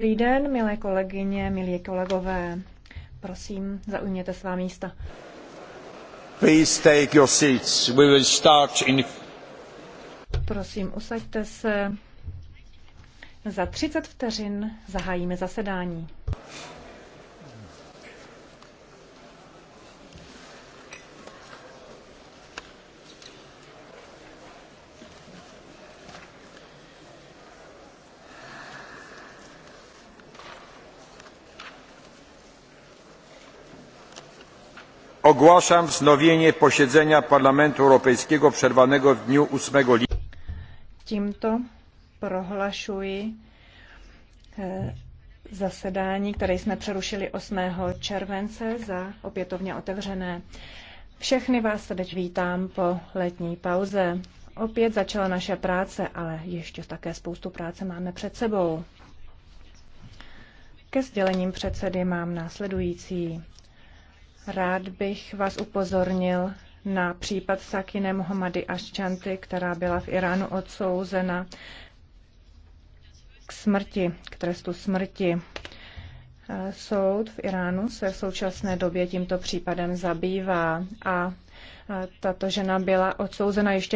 Dobrý den, milé kolegyně, milí kolegové. Prosím, zaujměte svá místa. Please take your seats. We will start in... Prosím, usaďte se. Za 30 vteřin zahájíme zasedání. Ogłaszam wznowienie posiedzenia Parlamentu Europejskiego przerwanego w dniu 8 lipca. Tímto prohlašuji eh, zasedání, které jsme přerušili 8. července za opětovně otevřené. Všechny vás teď vítám po letní pauze. Opět začala naše práce, ale ještě také spoustu práce máme před sebou. Ke sdělením předsedy mám následující. Rád bych vás upozornil na případ Sakine Mohamady Aščanty, která byla v Iránu odsouzena k smrti, k trestu smrti. Soud v Iránu se v současné době tímto případem zabývá a tato žena byla odsouzena ještě